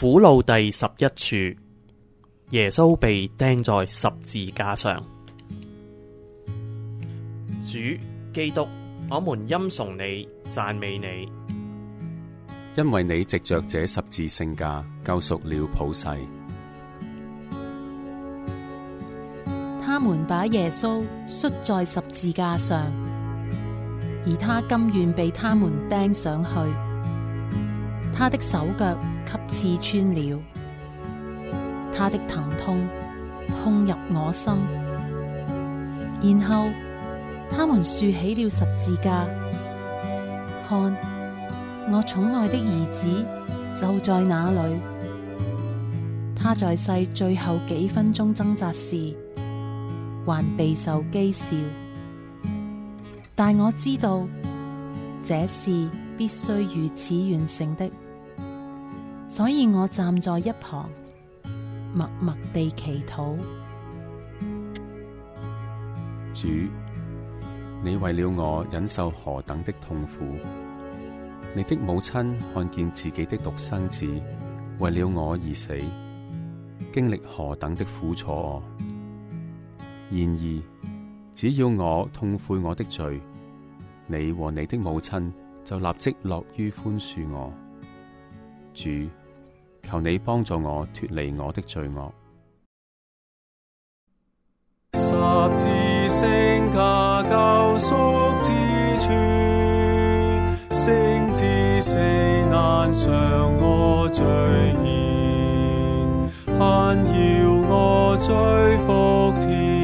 苦路第十一處，耶穌被釘在十字架上。主基督，我們欽崇你，讚美你，因為你藉着這十字聖架救贖了普世。他們把耶穌摔在十字架上，而他甘願被他們釘上去。他的手腳給刺穿了，他的疼痛痛入我心。然後他們豎起了十字架，看，我寵愛的兒子就在那裡。他在世最後幾分鐘掙扎時，還備受譏笑，但我知道這事必須如此完成的。所以我站在一旁，默默地祈禱。主，你為了我忍受何等的痛苦？你的母親看見自己的獨生子為了我而死，經歷何等的苦楚？然而，只要我痛悔我的罪，你和你的母親就立即樂於寬恕我。主。求你幫助我脫離我的罪惡。十字聖架救贖之處，聖子死難償我罪嫌，嘆搖我追伏